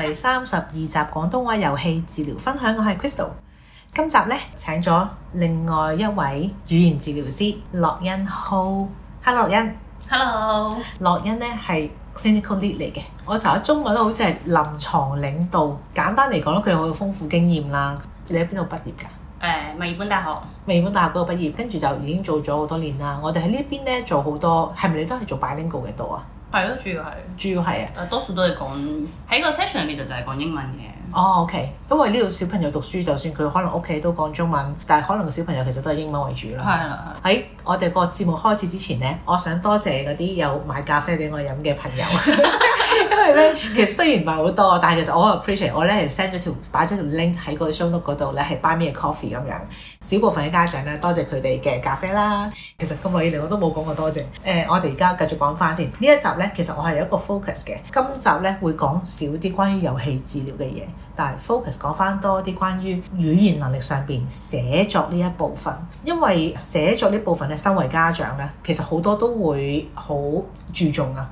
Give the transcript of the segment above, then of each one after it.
第三十二集廣東話遊戲治療分享，我係 Crystal。今集呢，請咗另外一位語言治療師樂欣，欣。Hello，樂欣。Hello。樂欣呢係 clinical lead 嚟嘅，我查下中文咧好似係臨床領導。簡單嚟講，佢有好豐富經驗啦。你喺邊度畢業㗎？誒，墨爾本大學。墨爾本大學嗰度畢業，跟住就已經做咗好多年啦。我哋喺呢邊呢做好多，係咪你都係做 Bilingual 嘅多啊？係咯，主要係。主要係啊。誒，多數都係講喺個 session 入面就就係講英文嘅。哦，OK。因為呢度小朋友讀書，就算佢可能屋企都講中文，但係可能個小朋友其實都係英文為主啦。係啊的。喺我哋個節目開始之前咧，我想多謝嗰啲有買咖啡俾我飲嘅朋友。 因為咧， 其實雖然唔係好多，但係其實我係 appreciate，我咧係 send 咗條擺咗條 link 喺個 show note 嗰度咧，係 buy me a coffee 咁樣。少部分嘅家長咧，多謝佢哋嘅咖啡啦。其實咁耐以嚟我都冇講過多謝。誒、呃，我哋而家繼續講翻先。呢一集咧，其實我係有一個 focus 嘅。今集咧會講少啲關於遊戲治療嘅嘢，但係 focus 講翻多啲關於語言能力上邊寫作呢一部分。因為寫作呢部分咧，身為家長咧，其實好多都會好注重啊。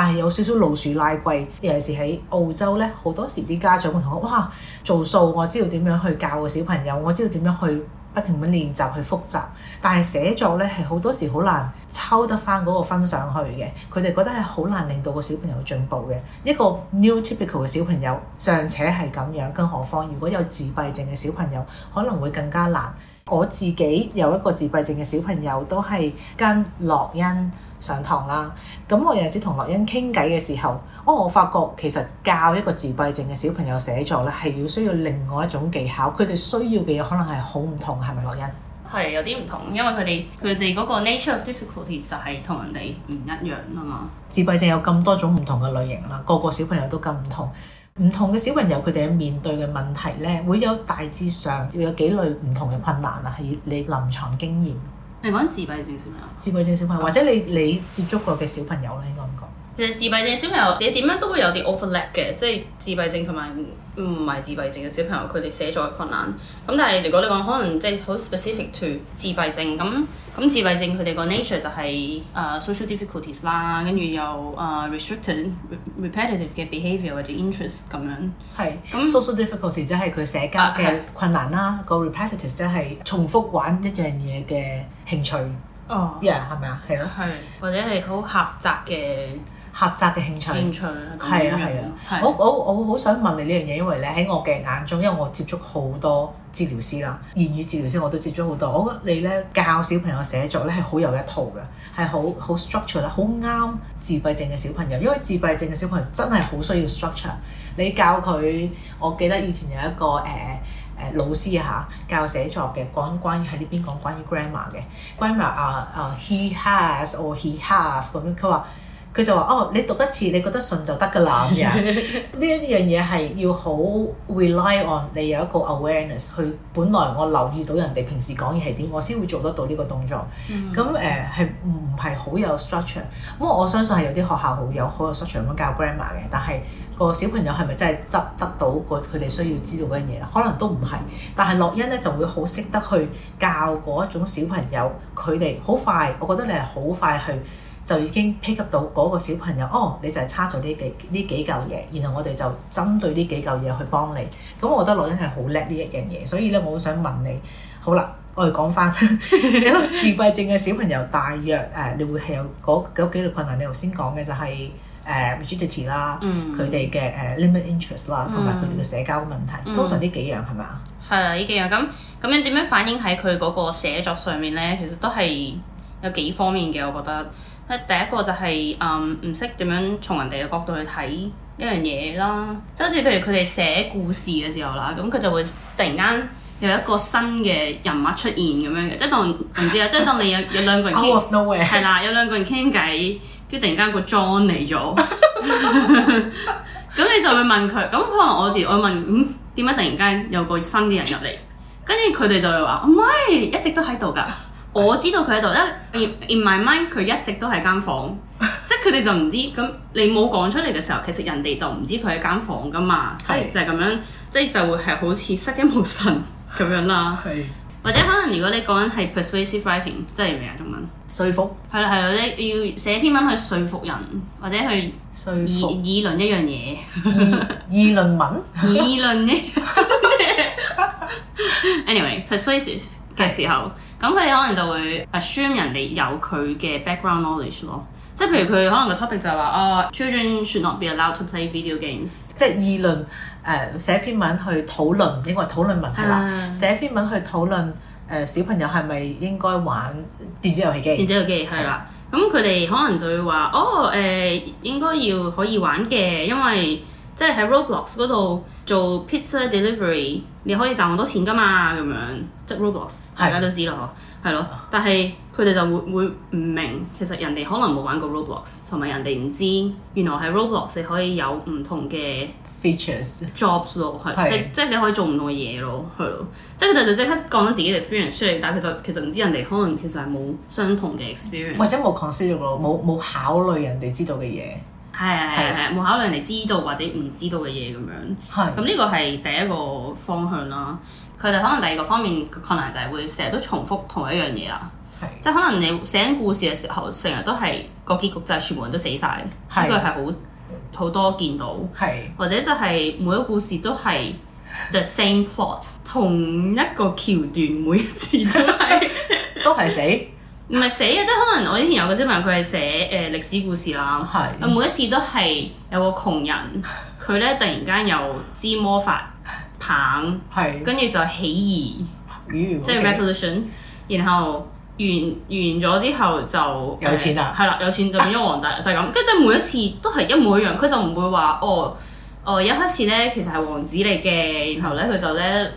但係有少少老鼠拉龜，尤其是喺澳洲咧，好多時啲家長會同我話，哇，做數我知道點樣去教個小朋友，我知道點樣去不停咁練習去複習。但係寫作咧係好多時好難抽得翻嗰個分上去嘅，佢哋覺得係好難令到個小朋友進步嘅。一個 neurotypical 嘅小朋友尚且係咁樣，更何況如果有自閉症嘅小朋友，可能會更加難。我自己有一個自閉症嘅小朋友，都係跟樂恩。上堂啦，咁我有陣時同樂欣傾偈嘅時候，哦，我發覺其實教一個自閉症嘅小朋友寫作咧，係要需要另外一種技巧，佢哋需要嘅嘢可能係好唔同，係咪樂欣？係有啲唔同，因為佢哋佢哋嗰個 nature of difficulties 就係同人哋唔一樣啊嘛。自閉症有咁多種唔同嘅類型啦，個個小朋友都咁唔同，唔同嘅小朋友佢哋面對嘅問題咧，會有大致上要有幾類唔同嘅困難啊，係你臨床經驗。你講自閉症小朋友，自閉症小朋友，或者你你接觸過嘅小朋友咧，應該唔講。其實自閉症小朋友你點樣都會有啲 overlap 嘅，即係自閉症同埋唔係自閉症嘅小朋友，佢哋寫作嘅困難。咁但係如果你講可能即係好 specific to 自閉症，咁咁自閉症佢哋個 nature 就係誒 social difficulties 啦，跟住又誒 restricted repetitive 嘅 behaviour 或者 interest 咁樣。係，咁 social difficulties 即係佢社交嘅困難啦，個 repetitive 即係重複玩一樣嘢嘅興趣。哦，yeah，係咪啊？係咯。係。或者係好狹窄嘅。狹窄嘅興趣，興趣，係啊係啊，啊啊啊我我我好想問你呢樣嘢，因為咧喺我嘅眼中，因為我接觸好多治療師啦，言語治療師我都接觸好多。我覺得你咧教小朋友寫作咧係好有一套嘅，係好好 structure 啦，好啱自閉症嘅小朋友，因為自閉症嘅小朋友真係好需要 structure。你教佢，我記得以前有一個誒誒、呃呃、老師嚇教寫作嘅，講關於喺呢邊講關於 grammar 嘅 grammar 啊啊，he has or he have 咁樣，佢話。佢就話：哦，你讀一次，你覺得順就得㗎啦。咁樣呢一樣嘢係要好 rely on 你有一個 awareness 去。本來我留意到人哋平時講嘢係點，我先會做得到呢個動作。咁誒係唔係好有 structure？咁我相信係有啲學校好有好有 structure 咁教 grammar 嘅，但係個小朋友係咪真係執得到個佢哋需要知道嗰啲嘢？可能都唔係。但係樂恩咧就會好識得去教嗰一種小朋友，佢哋好快。我覺得你係好快去。就已經 pick 到嗰個小朋友，哦，你就係差咗呢幾呢幾嚿嘢，然後我哋就針對呢幾嚿嘢去幫你。咁、嗯、我覺得樂欣係好叻呢一樣嘢，所以咧我好想問你。好啦，我哋講翻 自閉症嘅小朋友，大約誒、呃、你會係有嗰嗰幾類困難你、就是。你、呃、頭先講嘅就係誒 rigidity 啦，佢哋嘅誒 limit interest 啦，同埋佢哋嘅社交問題。嗯、通常呢幾樣係咪？係呢、嗯、呢幾樣咁咁樣點樣反映喺佢嗰個寫作上面咧？其實都係有幾方面嘅，我覺得。第一個就係誒唔識點樣從人哋嘅角度去睇一樣嘢啦，就好似譬如佢哋寫故事嘅時候啦，咁佢就會突然間有一個新嘅人物出現咁樣嘅，即係當唔知啊，即係當你有有兩個人係 啦，有兩個人傾偈，跟住突然間個 John 嚟咗，咁 你就會問佢，咁可能我自我會問點解、嗯、突然間有個新嘅人入嚟，跟住佢哋就會話唔係一直都喺度㗎。 我知道佢喺度，因 in in my mind 佢一直都喺間房，即係佢哋就唔知。咁你冇講出嚟嘅時候，其實人哋就唔知佢喺間房噶嘛。即係 就咁樣，即係就會係好似失驚無神咁樣啦。係 是或者可能如果你講緊係 persuasive writing，即係咩啊？中文説服係啦係啦，你要寫篇文去説服人，或者去議議論一樣嘢，議論文，議 論樂呢 anyway，persuasive 嘅時候。 咁佢哋可能就會 assume 人哋有佢嘅 background knowledge 咯，即係譬如佢可能個 topic 就係話啊，children should not be allowed to play video games，即係議論誒、呃、寫篇文去討論，應該話討論文嘅啦，的寫篇文去討論誒、呃、小朋友係咪應該玩電子遊戲機？電子遊戲機係啦，咁佢哋可能就會話哦誒，應該要可以玩嘅，因為。即係喺 Roblox 嗰度做 pizza delivery，你可以賺好多錢㗎嘛咁樣，即係 Roblox 大家都知咯，係是咯。但係佢哋就會會唔明，其實人哋可能冇玩過 Roblox，同埋人哋唔知原來喺 Roblox 你可以有唔同嘅 features jobs 咯，係是即即係你可以做唔同嘅嘢咯，係咯。即係佢哋就即刻講緊自己嘅 experience 出嚟，但係其實其實唔知人哋可能其實係冇相同嘅 experience，或者冇 consider 咯，冇冇考慮，考慮人哋知道嘅嘢。係係係，冇的考慮人哋知道或者唔知道嘅嘢咁樣。係的，咁呢個係第一個方向啦。佢哋可能第二個方面可能就係會成日都重複同一樣嘢啦。係的，即係可能你寫緊故事嘅時候，成日都係個結局就係全部人都死晒。呢個係好好多見到。係的，或者就係每一個故事都係 the same plot， 同一個橋段每一次都係 都係死。 唔係寫嘅，即係可能我以前有個職問佢係寫誒歷史故事啦。係是，每一次都係有個窮人，佢咧突然間有支魔法棒，係是，跟住就起義，即係 revolution。Okay、然後完完咗之後就有錢啦、啊。係啦、嗯，有錢就變咗皇帝就，就係咁。跟住即係每一次都係一模一樣，佢就唔會話哦哦、呃，一開始咧其實係王子嚟嘅，然後咧佢就咧。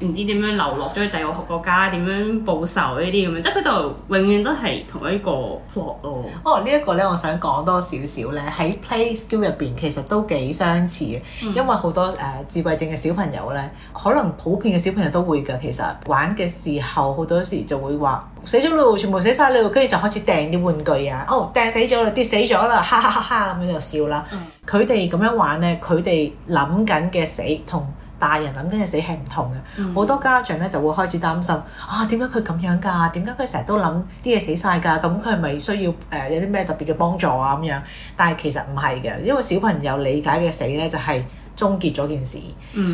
唔知點樣流落咗去第二個國家，點樣報仇呢啲咁樣，即係佢就永遠都係同一個 plot 咯。哦，這個、呢一個咧，我想講多少少咧，喺 Play Skill 入邊其實都幾相似嘅，因為好多誒、呃、自閉症嘅小朋友咧，可能普遍嘅小朋友都會㗎。其實玩嘅時候好多時就會話死咗咯，全部死晒咯，跟住就開始掟啲玩具啊，哦掟死咗啦，跌死咗啦，哈哈哈哈咁樣就笑啦。佢哋咁樣玩咧，佢哋諗緊嘅死同。大人諗緊嘅死係唔同嘅，好、嗯、多家長咧就會開始擔心啊，點解佢咁樣㗎？點解佢成日都諗啲嘢死晒㗎？咁佢係咪需要誒、呃、有啲咩特別嘅幫助啊？咁樣，但係其實唔係嘅，因為小朋友理解嘅死咧就係、是。終結咗件事，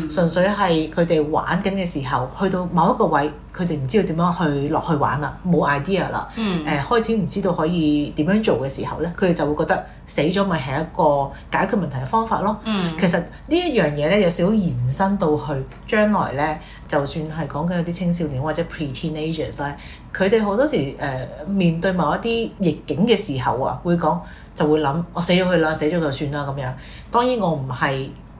純粹係佢哋玩緊嘅時候，嗯、去到某一個位，佢哋唔知道點樣去落去玩啦，冇 idea 啦，誒、嗯呃、開始唔知道可以點樣做嘅時候咧，佢哋就會覺得死咗咪係一個解決問題嘅方法咯。嗯、其實呢一樣嘢咧有少少延伸到去將來咧，就算係講緊有啲青少年或者 pre-teenagers，佢哋好多時誒、呃、面對某一啲逆境嘅時候啊，會講就會諗我死咗佢啦，死咗就算啦咁樣。當然我唔係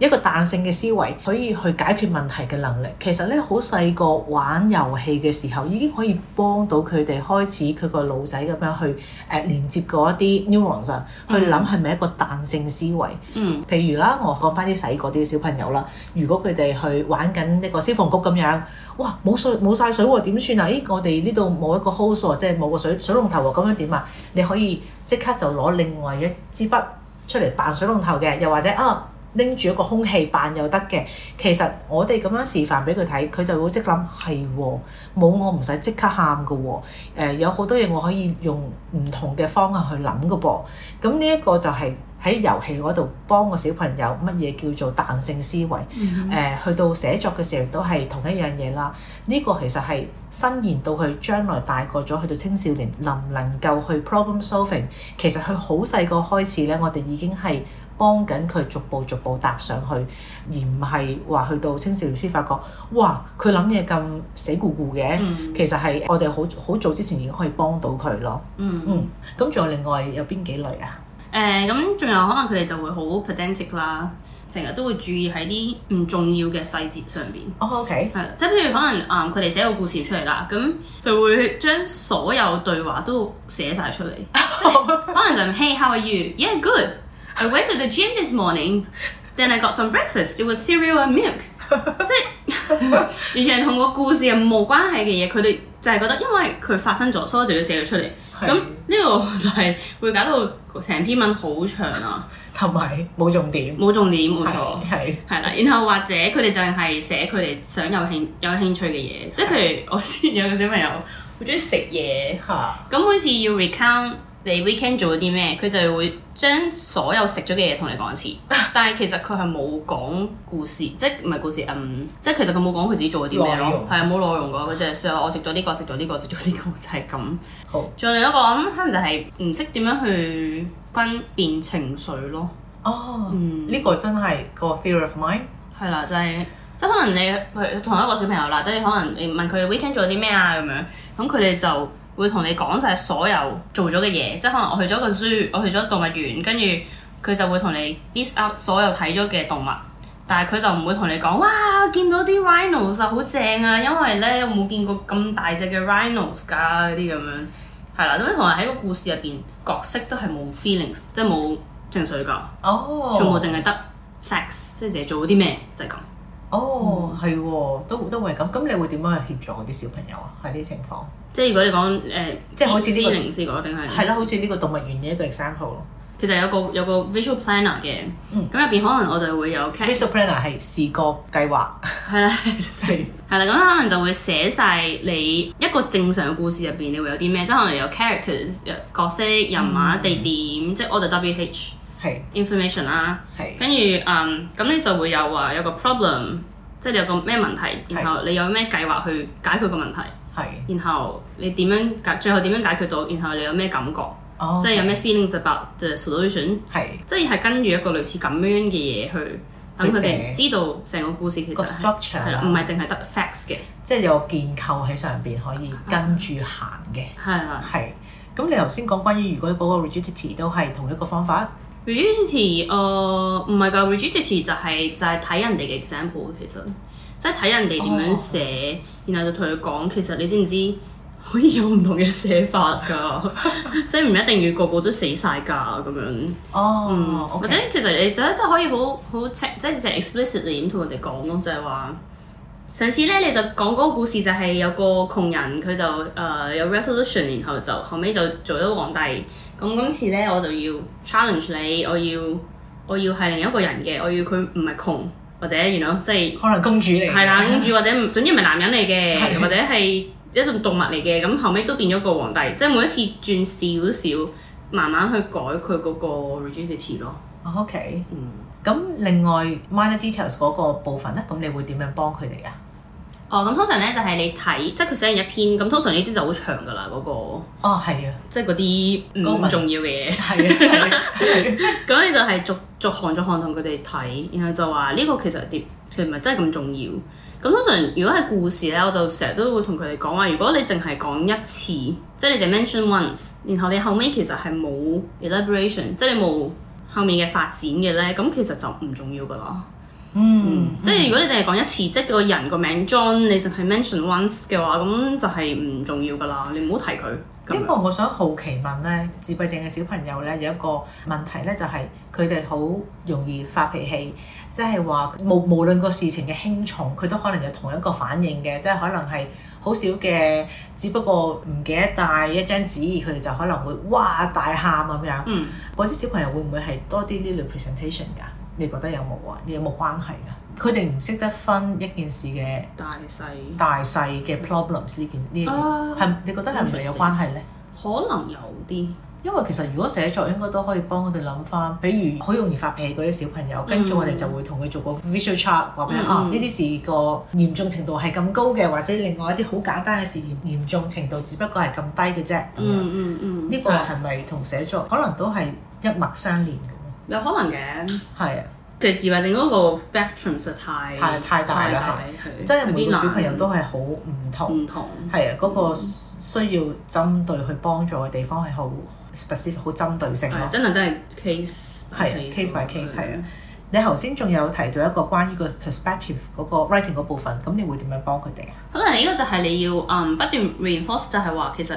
一個彈性嘅思維可以去解決問題嘅能力，其實咧好細個玩遊戲嘅時候,時候已經可以幫到佢哋開始佢個腦仔咁樣去誒、呃、連接嗰一啲 neuron 上、嗯、去諗係咪一個彈性思維。嗯，譬如啦，我講翻啲細個啲嘅小朋友啦，如果佢哋去玩緊一個消防局咁樣，哇冇水冇曬水喎、啊，點算啊？咦，我哋呢度冇一個 hose 啊，即係冇個水水龍頭啊，咁樣點啊？你可以即刻就攞另外一支筆出嚟扮水龍頭嘅，又或者啊～拎住一個空氣扮又得嘅，其實我哋咁樣示範俾佢睇，佢就會識諗係喎，冇、哦、我唔使即刻喊噶喎。有好多嘢我可以用唔同嘅方向去諗噶噃。咁呢一個就係喺遊戲嗰度幫個小朋友乜嘢叫做彈性思維。誒、呃，去到寫作嘅時候都係同一樣嘢啦。呢、這個其實係伸延到佢將來大個咗，去到青少年能唔能夠去 problem solving？其實佢好細個開始咧，我哋已經係，幫緊佢逐步逐步搭上去，而唔係話去到青少年時發覺，哇！佢諗嘢咁死固固嘅，嗯、其實係我哋好好早之前已經可以幫到佢咯。嗯，咁仲、嗯、有另外有邊幾類啊？誒、呃，咁仲有可能佢哋就會好 pedantic 啦，成日都會注意喺啲唔重要嘅細節上邊。O K，係，即係譬如可能誒，佢、嗯、哋寫個故事出嚟啦，咁就會將所有對話都寫晒出嚟， 可能就係、是、Hey，How are you？Yeah，good。Yeah, good I went to the gym this morning. Then I got some breakfast. It was cereal and milk。即係完全同個故事係冇關係嘅嘢，佢哋就係覺得因為佢發生咗，所以就要寫咗出嚟。咁呢是個就係會搞到成篇文好長啊，同埋冇重點，冇重點，冇錯，係係啦。然後或者佢哋就係寫佢哋想有興有興趣嘅嘢，是即係譬如我先有個小朋友，好中意食嘢嚇，咁好似要 recount。你 weekend 做咗啲咩？佢就會將所有食咗嘅嘢同你講一次，但係其實佢係冇講故事，即係唔係故事？嗯，即係其實佢冇講佢自己做咗啲咩咯，係冇內容噶，佢就係我食咗呢個，食咗呢個，食咗呢個就係、是、咁。好，仲有另一個咁，可能就係唔識點樣去分辨情緒咯。哦，嗯，呢個真係個 theory of mind。係啦，就係、是、即係可能你佢，同一個小朋友啦，即係可能你問佢 weekend 做咗啲咩啊咁樣，咁佢哋就。會同你講晒所有做咗嘅嘢，即係可能我去咗個 zoo，我去咗動物園，跟住佢就會同你 list out 所有睇咗嘅動物，但係佢就唔會同你講哇見到啲 rhinos 好正啊，因為咧冇見過咁大隻嘅 rhinos 㗎、啊、嗰啲咁樣，係啦，咁同埋喺個故事入邊角色都係冇 feelings，即係冇情緒噶，全部淨係得 facts，即係凈係做咗啲咩就係、是、咁。哦，係喎、oh, 嗯，都都會係咁。咁你會點樣去協助嗰啲小朋友啊？喺呢啲情況，即係如果你講誒，呃、即係好似呢個靈異個，定係係咯，好似呢個動物園嘅一個 example 咯、嗯。其實有個有個 visual planner 嘅，咁入邊可能我就會有 visual planner 係視覺計劃。係啦，係。係啦，咁可能就會寫晒你一個正常嘅故事入邊，你會有啲咩？即係可能有 characters 角色人馬、嗯、地點，即、就、係、是、all the wh。係是 information 啦，跟住嗯咁咧就會有話有個 problem，即你有個咩問題，然後你有咩計劃去解決個問題，係是，然後你點樣最後點樣解決到，然後你有咩感覺，哦，Okay, 即係有咩 feelings about the solution，係是，即係係跟住一個類似咁樣嘅嘢去寫，等佢哋知道成個故事其實係唔係淨係得 facts 嘅，即係有個結構喺上邊可以跟住行嘅。係啊，係，咁你頭先講關於如果嗰個 rigidity 都係同一個方法。Rigidity uh, 唔係㗎 Rigidity 就係、是、就係、是、睇人哋嘅 example 其實，即係睇人哋點樣寫，oh. 然後就同佢講，其實你知唔知可以有唔同嘅寫法㗎，即係唔一定要個個都死晒㗎咁樣。哦，oh, okay. 或者其實你就真係可以好好即係 explicitly 咁同人哋講咯，就係、是、話、就是、上次咧你就講嗰個故事就係有個窮人佢就誒、uh, 有 revolution，然後就後尾就做咗皇帝。咁今次咧我就要 challenge 你，我要我要係另一個人嘅，我要佢唔係窮或者原來，即係可能公主嚟，係啦公主或者總之唔係男人嚟嘅，或者係一種動物嚟嘅，咁後尾都變咗個皇帝，即係每一次轉少少，慢慢去改佢嗰個 regenerative 咯。OK，嗯，咁另外 minor details 嗰個部分咧，咁你會點樣幫佢哋啊？.哦，咁通常咧就係你睇，即係佢寫完一篇，咁通常呢啲就好長噶啦，嗰、嗰個。哦，係啊，即係嗰啲唔重要嘅嘢。係 啊，咁你、啊啊啊、 就係逐逐行、逐行同佢哋睇，然後就話呢個其實點，佢唔係真係咁重要。咁通常如果係故事咧，我就成日都會同佢哋講話，如果你淨係講一次，即、就、係、是、你淨係 mention once，然後你後尾其實係冇 elaboration，即係你冇後面嘅發展嘅咧，咁其實就唔重要噶啦。嗯，嗯，即係如果你淨係講一次，嗯、即係個人個名 John，你淨係 mention once 嘅話，咁就係唔重要噶啦，你唔好提佢。不過我想好奇問咧，自閉症嘅小朋友咧，有一個問題咧，就係佢哋好容易發脾氣，即係話無無論個事情嘅輕重，佢都可能有同一個反應嘅，即係可能係好少嘅，只不過唔記得帶一張紙，佢哋就可能會哇大喊咁樣。嗯。嗰啲小朋友會唔會係多啲呢類 presentation 㗎？你覺得有冇啊？你有冇關係啊？佢哋唔識得分一件事嘅大細大細嘅 problems 呢件呢件係你覺得係唔係有關係咧？可能有啲，因為其實如果寫作應該都可以幫我哋諗翻，比如好容易發脾氣嗰啲小朋友，跟住我哋就會同佢做個 visual chart，話咩啊？呢啲事個嚴重程度係咁高嘅，或者另外一啲好簡單嘅事，嚴重程度只不過係咁低嘅啫。嗯嗯嗯，呢個係咪同寫作可能都係一脈相連？有可能嘅，係啊，其實自閉症嗰個 spectrum 實在太太大啦，真係每個小朋友都係好唔同，唔同係啊，嗰個需要針對去幫助嘅地方係好 specific、好針對性咯，真係真係 case 係 case by case 係。你頭先仲有提到一個關於個 perspective 嗰個 writing 嗰部分，咁你會點樣幫佢哋啊？可能呢個就係你要嗯不斷 reinforce，就係話其實。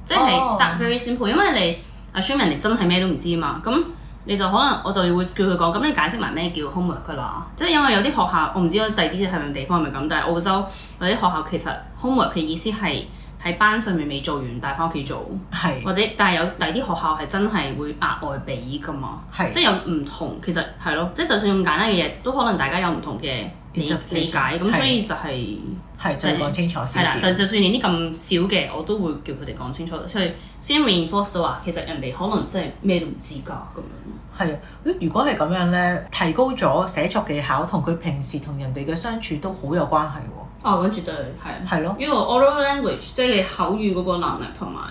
即係 start very simple，因為你 assume 你真係咩都唔知啊嘛，咁你就可能我就會叫佢講咁，你解釋埋咩叫 homework 噶啦。即係因為有啲學校我唔知第啲係咪地方係咪咁，但係澳洲有啲學校其實 homework 嘅意思係喺班上面未做完帶翻屋企做，是或者但係有第啲學校係真係會額外俾噶嘛，即係是有唔同。其實係咯，即係就算咁簡單嘅嘢，都可能大家有唔同嘅。理解咁，所以就係係就講清楚先。係啦，就就算連啲咁少嘅，我都會叫佢哋講清楚。所以先 reinforce 到嘅話，其實人哋可能真係咩都唔知㗎咁樣。係啊，如果係咁樣咧，提高咗寫作技巧，同佢平時同人哋嘅相處都好有關係喎、哦。啊、哦，絕對係。係咯，因為 oral language 即係口語嗰個能力同埋。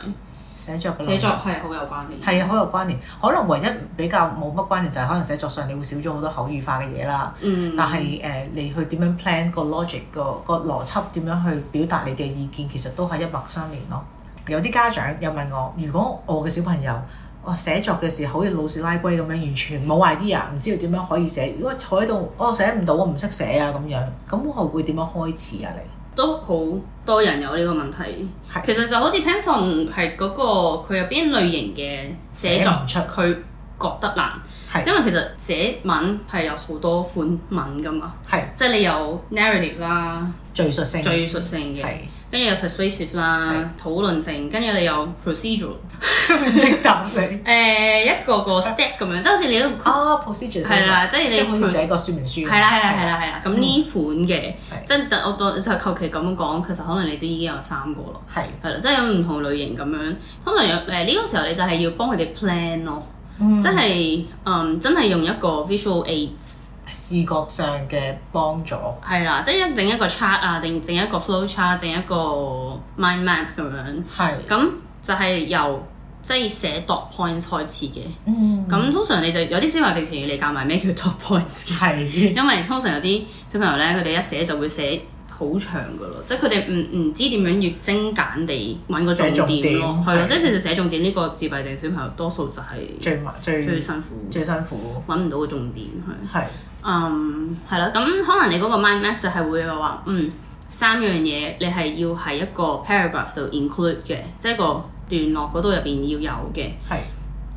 寫作，寫作係好有關聯，係啊，好有關聯。可能唯一比較冇乜關聯就係可能寫作上你會少咗好多口語化嘅嘢啦。嗯、但係誒，uh, 你去點樣 plan 個 logic 個個邏輯點樣去表達你嘅意見，其實都係一脈相連咯。有啲家長又問我，如果我嘅小朋友，我寫作嘅時候好似老鼠拉龜咁樣，完全冇 idea，唔知道點樣可以寫。如果坐喺度、哦，我寫唔到，我唔識寫啊咁樣，咁我會點樣開始啊？你？都好多人有呢個問題，的其實就好似 Penson 係嗰個佢入邊類型嘅寫作唔出區。覺得難，因為其實寫文係有好多款文㗎嘛，即係你有 narrative 啦，敍述性敍述性嘅，跟住有 persuasive 啦，討論性，跟住你有 procedure 性，誒一個個 step 咁樣，即係好似你都哦 procedure 係啦，即係你寫個説明書，係啦係啦係啦係啦，咁呢款嘅，即係我當就求其咁講，其實可能你都已經有三個咯，係係啦，即係有唔同類型咁樣，通常誒呢個時候你就係要幫佢哋 plan 咯。嗯、即係，嗯，真係用一個 visual aids 視覺上嘅幫助。係啦，即係整一個 chart 啊，定整一個 flow chart，整一個 mind map 咁樣。係是。咁就係由即係寫 dot point 開始嘅。嗯。咁通常你就有啲小朋友直情要你教埋咩叫 dot point 嘅。係是。因為通常有啲小朋友咧，佢哋一寫就會寫。好長噶咯，即係佢哋唔唔知點樣要精簡地揾個重點咯，係咯，即係其實寫重點呢對的個自閉症小朋友多數就係最最，最辛苦，最辛苦揾唔到個重點係。係，嗯是的、um，係咯，咁可能你嗰個 mind map 就係會話，嗯，三樣嘢你係要喺一個 paragraph 度 include 嘅，即係個段落嗰度入邊要有嘅。係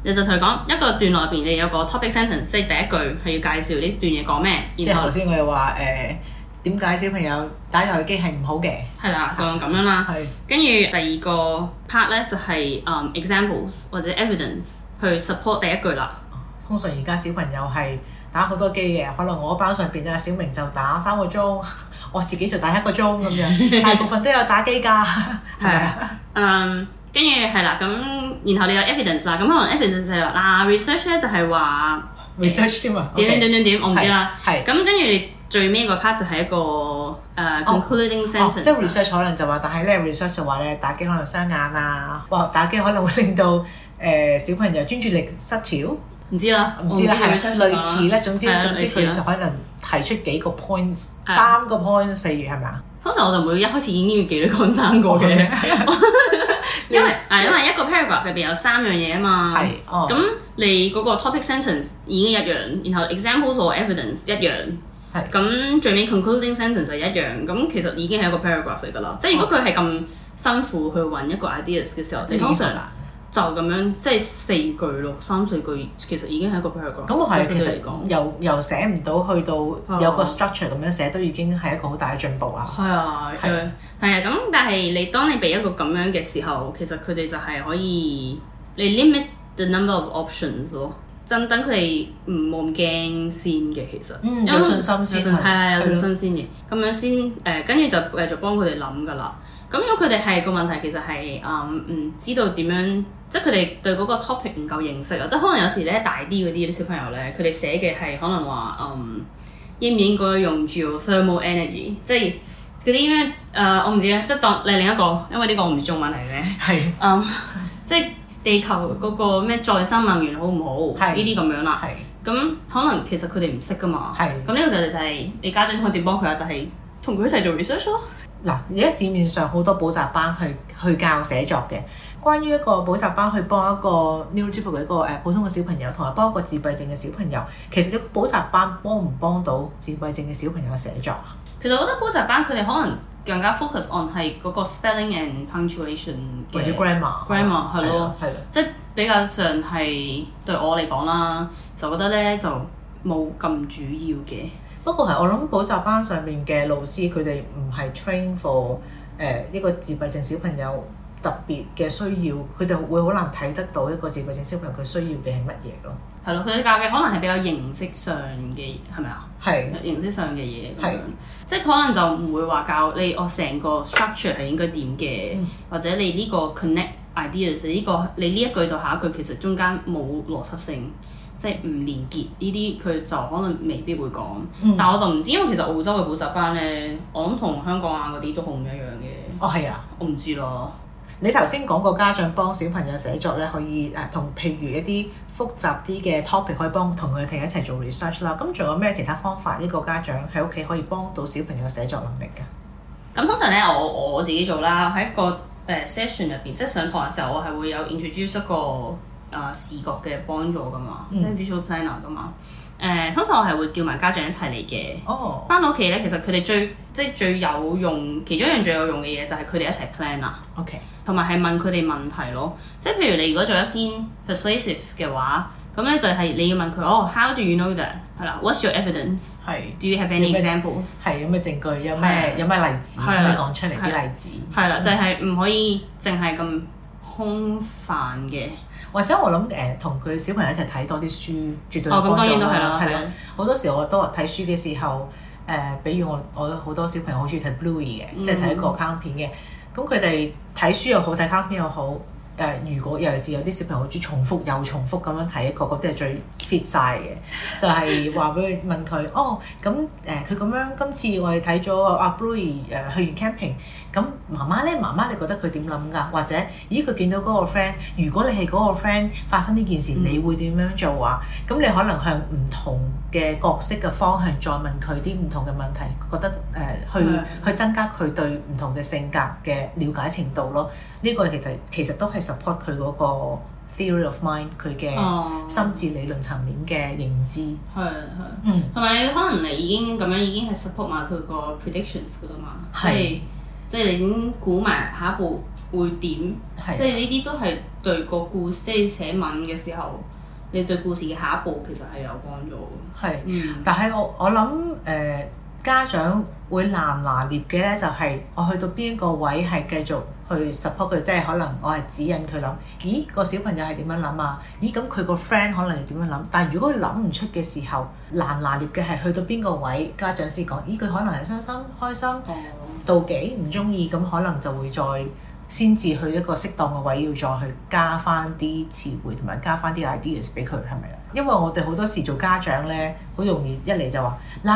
是的，其實同佢講一個段落入邊，你有個 topic sentence，即係第一句係要介紹呢段嘢講咩。的然後頭先佢又話誒。Uh 點解小朋友打遊戲機係唔好嘅？係啦，咁樣啦。係。跟住第二個 part 咧，就係 examples 或者 evidence 去 support 第一句啦。通常而家小朋友係打好多機嘅，可能我班上邊啊小明就打三個鐘，我自己就打一個鐘咁樣。大部分都有打機㗎。係啊。嗯，跟住係啦，咁然後你有 evidence 啦，咁可能 evidence 就係話 research 咧就係話 research 添啊？點點點點點，我唔知啦。係。咁跟住。你。最尾個 part 就係一個誒 concluding sentence，即係 research 可能就話，但係咧 research 就話咧，打機可能傷眼啊，或打機可能會令到誒小朋友專注力失調，唔知啦，唔知啦，係咪類似咧？總之總之，佢可能提出幾個 point，三個 point，譬如係咪啊？通常我就唔會一開始已經要記得講三個嘅，因為啊，因為一個 paragraph 入邊有三樣嘢啊嘛，係哦。咁你嗰個 topic sentence 已經一樣，然後 examples 同 evidence 一樣。咁、嗯、最尾 concluding sentence 就一樣，咁、嗯、其實已經係一個 paragraph 嚟㗎喇。即係如果佢係咁辛苦去揾一個 ideas 嘅時候，嗯、通常就咁樣、嗯、即係四句咯，三四句其實已經係一個 paragraph、嗯。咁啊係，其實由由寫唔到去到有個 structure 咁樣寫，都已經係一個好大嘅進步啦。係、嗯、啊，係啊是，係啊是，咁但係你當你俾一個咁樣嘅時候，其實佢哋就係可以你 limit the number of options 咯。真等佢哋唔好咁驚先嘅，其實，嗯、為有信心先係為，係有信心先嘅對，咁的樣先誒，跟、呃、住就繼續幫佢哋諗噶啦。咁如果佢哋係個問題，其實係嗯唔知道點樣，即係佢哋對嗰個 topic 唔夠認識啊。即係可能有時咧大啲嗰啲小朋友咧，佢哋寫嘅係可能話嗯應唔應該用住 geothermal energy，即係嗰啲咩誒我唔知咧。即係當你另一個，因為呢個我唔知中文嚟嘅，係，嗯，即係。地球嗰個咩再生能源好唔好？呢啲咁樣啦、啊，咁是可能其實佢哋唔識噶嘛。咁呢是個時候就係你家長可以幫佢，就係同佢一齊做 research 咯。嗱，而家市面上好多補習班係去，去教寫作嘅。關於一個補習班去幫一個 Neurotypical 嘅一個誒普通嘅小朋友，同埋幫一個自閉症嘅小朋友，其實個補習班幫唔幫到自閉症嘅小朋友寫作？其實我覺得補習班佢哋可能。更加 focus on 係嗰個 spelling and punctuation 或者 grammar，grammar 係咯、啊，係即係比較上係對我嚟講啦，就覺得咧就冇咁主要嘅。 不過係我諗補習班上面嘅老師佢哋唔係 train for 誒、呃、一個自閉症小朋友特別嘅需要，佢哋會好難睇得到一個自閉症小朋友佢需要嘅係乜嘢咯。係咯，佢教嘅可能係比較形式上嘅，係咪啊？係係形式上嘅嘢咁樣，即係可能就唔會話教你我成、哦、個 structure 係應該點嘅，嗯、或者你呢個 connect ideas，呢、呢個你呢一句到下一句其實中間冇邏輯性，即係唔連結呢啲，佢就可能未必會講。嗯、但係我就唔知，因為其實澳洲嘅補習班咧，我諗同香港啊嗰啲都好唔一樣嘅。哦，係啊，我唔知咯。你頭先講過家長幫小朋友寫作咧、呃，可以誒同譬如一啲複雜啲嘅 topic 可以幫同佢哋一齊做 research 啦。咁、嗯、仲有咩其他方法？呢、這個家長喺屋企可以幫到小朋友寫作能力嘅？咁、嗯、通常咧，我我自己做啦。喺個誒、uh, session 入邊，即係上堂嘅時候，我係會有 introduce 一個誒、呃、視覺嘅幫助噶嘛，即係 visual planner 噶嘛。誒通常我係會叫埋家長一齊嚟嘅。哦。翻到屋企咧，其實佢哋最即係最有用，其中一樣最有用嘅嘢就係佢哋一齊 plan 啦。O K。同埋係問佢哋問題咯，即係譬如你如果做一篇 persuasive 嘅話，咁咧就係你要問佢哦，how do you know that？係啦，what's your evidence？係。Do you have any examples？係有咩證據？有咩有咩例子？係你講出嚟啲例子。係啦，就係唔可以淨係咁空泛嘅。或者我諗誒，同佢小朋友一齊睇多啲書，絕對有幫助啦。咁當然都係啦。係咯，好多時我都話睇書嘅時候，誒，比如我我好多小朋友好中意睇 Bluey 嘅，即係睇卡通片嘅。咁佢哋睇書又好，睇卡片又好。誒、呃、如果尤其是有啲小朋友好鍾意重複又重複咁樣睇，個個都係最 fit 晒嘅， 就係話俾佢問佢，哦，咁誒佢咁樣今次我哋睇咗阿、啊、Blue 誒、呃、去完 camping，咁媽媽咧，媽媽你覺得佢點諗㗎或者，咦，佢見到個 friend，如果你係個 friend 發生呢件事，嗯、你會點樣做啊？咁你可能向唔同嘅角色嘅方向再問佢啲唔同嘅問題，覺得誒、呃、去、嗯、去增加佢對唔同嘅性格嘅了解程度咯。呢、這個其實其實都係。support 佢嗰個 theory of mind，佢嘅，oh. 心智理論層面嘅認知係係嗯，同埋可能你已經咁樣已經係 support 埋佢個 predictions 㗎啦嘛，係即係你已經估埋下一步會點，係即係呢啲都係對個故事，即係寫文嘅時候，你對故事嘅下一步其實係有幫助，係的嗯，但係我我諗誒、呃、家長會難拿捏嘅咧，就係我去到邊個位係繼續。.去 support 佢，即係可能我係指引佢諗咦，個小朋友係點樣諗啊？咦，咁佢個 friend 可能係點樣諗，但係如果佢諗唔出嘅時候，難拿捏嘅係去到邊個位？家長先講，咦，佢可能係傷心、開心、妒忌、唔中意，咁可能就會再先至去一個適當嘅位，要再去加翻啲詞彙同埋加翻啲 ideas 俾佢，係咪啊？因為我哋好多時做家長咧，好容易一嚟就話嗱，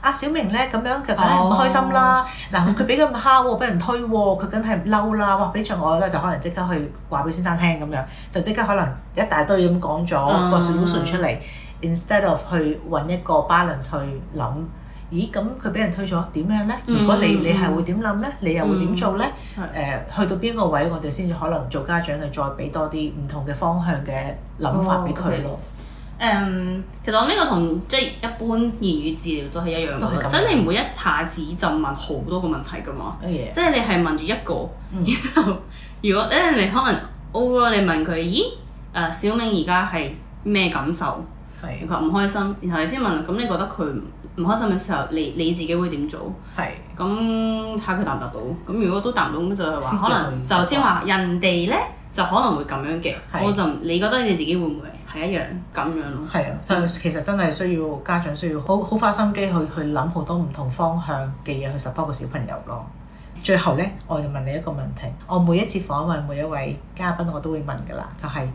阿小明咧，咁樣就梗係唔開心啦。嗱，佢佢俾咁蝦喎，俾、啊、 人推喎、啊，佢梗係嬲啦。哇！比着我咧就可能即刻去話俾先生聽咁樣，就即刻可能一大堆咁講咗個小 o 出嚟，instead of 去揾一個 balance 去諗。咦？咁佢俾人推咗點樣咧？如果你、嗯、你係會點諗咧？你又會點做咧？誒、嗯呃，去到邊個位我哋先至可能做家長嘅再俾多啲唔同嘅方向嘅諗法俾佢咯。哦 okay. 誒，um, 其實我呢個同即係一般言語治療都係一樣嘅，所以你唔會一下子就問好多個問題㗎嘛。Oh、yeah. 即係你係問住一個，嗯、然後如果咧、嗯、你可能 over，你問佢，咦？誒、uh，小明而家係咩感受？係佢話唔開心，然後你先問，咁、嗯、你覺得佢唔開心嘅時候，你你自己會點做？係咁睇佢答唔答到？咁如果都答唔到，咁就係話可能就先話人哋咧就可能會咁樣嘅。是的 我就唔，你的覺得你自己會唔會？係一樣咁樣咯。係啊，就其實真係需要家長需要好好花心機去去諗好多唔同方向嘅嘢去 support 個小朋友咯。最後咧，我就問你一個問題，我每一次訪問每一位嘉賓，我都會問噶啦，就係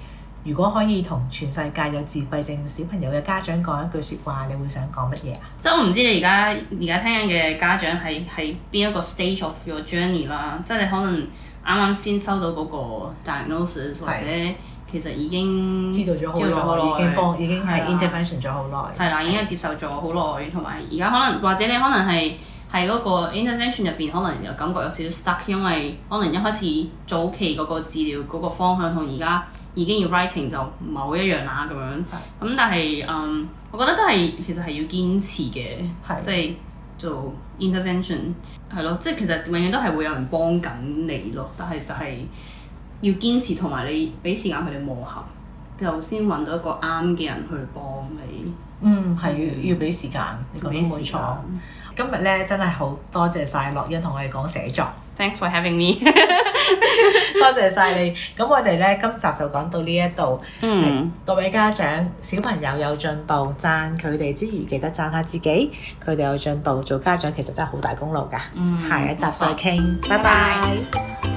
如果可以同全世界有自閉症小朋友嘅家長講一句説話，你會想講乜嘢啊？即係我唔知你而家而家聽緊嘅家長係係邊一個 stage of your journey 啦。即係你可能啱啱先收到嗰個 diagnosis 或者。其實已經知道咗好耐，已經幫，已經係 intervention 咗好耐。係啦，已經接受咗好耐，同埋而家可能或者你可能係係嗰個 intervention 入邊，可能又感覺有少少 stuck，因為可能一開始早期嗰個治療嗰個方向同而家已經要 writing 就唔係好一樣啦咁樣。咁但係嗯，um, 我覺得都係其實係要堅持嘅，即係做 intervention 係咯，即係其實永遠都係會有人幫緊你咯，但係就係。要堅持同埋你俾時間佢哋磨合，之先揾到一個啱嘅人去幫你。嗯，係要、嗯、要俾時間。你講冇錯。今日呢，真係好多謝晒樂欣同我哋講寫作。Thanks for having me。 多謝晒你。咁我哋呢，今集就講到呢一度。嗯。各位家長，小朋友有進步，讚佢哋之餘記得讚下自己。佢哋有進步，做家長其實真係好大功勞㗎。嗯。下一集再傾。拜拜。Bye bye。